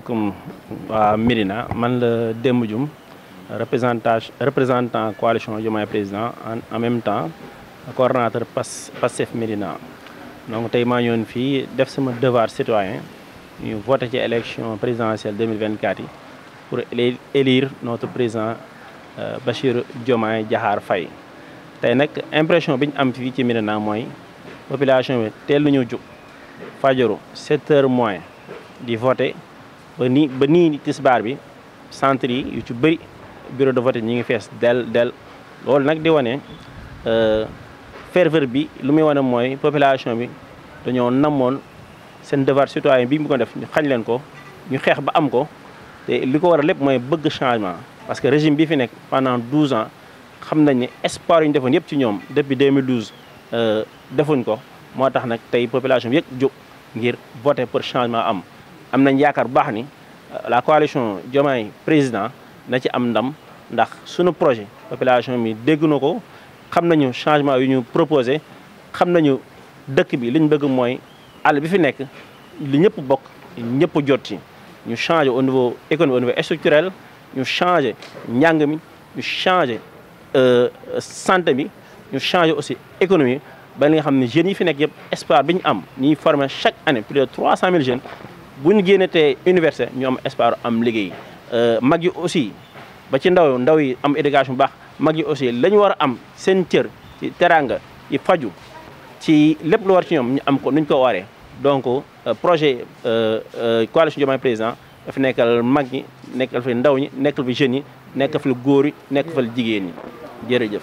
comme waa Médina man la coalition Président en même temps coordinateur Passif passef donc devoir citoyen élection présidentielle 2024 pour élire notre président euh, Bachir Faye impression population bi 7 heures moins ba nii ba nii tisbaar bi centre yi yu ci bëri bureau de vote ñi ngi fees del del loolu nag di wane euh, ferveur bi lu muy wane mooy population bi dañoo namoon seen devoir citoyen bi mu ko def xañ leen ko ñu xeex ba am ko te li ko war a lépp mooy bëgg changement parce que régime bi fi nekk pendant 12 ans xam nañ ne espoir yu ñu defoon yëpp ci ñoom depuis 2012 euh, defuñ ko moo tax nag tey population bi yëg jóg ngir voter pour changement am amna nañ yaakaar ni euh, la coalition jomay président na ci am ndam ndax suñu projet population mi dégg na ko changement yu ñu proposer xamnañu dëkk bi li ñu bëgg moy àll bi fi nekk li ñëpp bok ñëpp jot ci ñu changer au niveau économique au niveau structurel ñu changer njàng mi ñu euh santé bi ñu changer aussi économie ba nga xamni jeune yi fi nekk yëpp espoir bi ñu am ñi former chaque année plus de 300000 jeunes bu ñu génnatee université ñu am espoir am liggéey euh, mag yi aussi ba ci ndaw ndaw yi am éducation bu baax mag yi aussi la war a am seen cër ci teraanga yi faju ci lépp lu war ci ñoom ñu am ko nuñ ko waree donc euh, projet euh, coalition Diomaye président dafa nekkal mag ñi nekkal fi ndaw ñi nekkal fi jeunes yi nekkal fi góor yi nekkal fi jigéen ñi jërëjëf.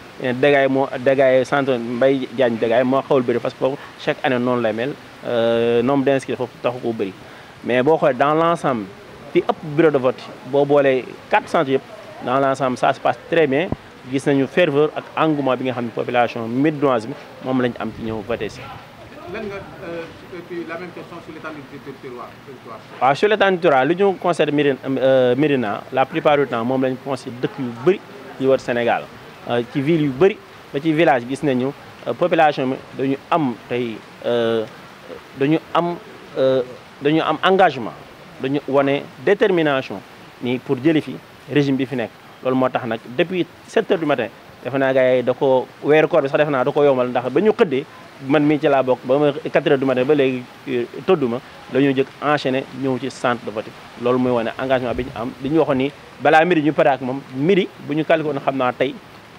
dégâts mo moo dégâts centre mbay jaañ dégâts mo xawul beuri parce que chaque année non lay mel euh nombre d'inscrits foofu taxu beuri mais boo xoolee dans l'ensemble ensemble fi ëpp bureau de vote bo bolé quatre centres yëpp dans l'ensemble ça se passe très bien gis nañu ferveur ak engouement bi nga xam population médinoise bi moom lañ am ci ñew voté ci lan nga euh, puis la même question sur l'état du territoire. waaw sur l'état du territoire li ñu considère euh, Médina la plupart du temps moom lañ considère dëkk yu bëri yi wër Sénégal euh, ci ville yu bari ba ci village gis nañu euh, population bi dañu am tey euh, dañu am dañu am engagement dañu woné détermination ni pour jëli fi régime bi fi nek loolu moo tax nag depuis 7 h du matin defe na gaay yi da ko weeru koor bi sax defe na da ko yombal ndax bañu xëddé man mi ci la bok ba ma 4 h du matin ba légui tëdduma dañu jëk jëkk enchaîné ñëw ci centre de vote loolu muy woné engagement bi ñu am di ñu waxoon ni bala midi ñu pare ak moom midi bu ñu calculé woon xam naa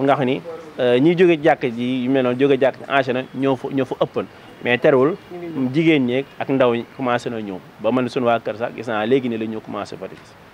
mun nga xam ni euh, ñiy jóge jàkk ji yu mel noonu jóge jàkk enchaîné ñoo fa ñoo fa ëppan mais terewul jigéen ñeeg ak ndaw ñi commencé na ñëw ba man suñu waa kër sax gis naa léegi ne la ñu commencé fa di gis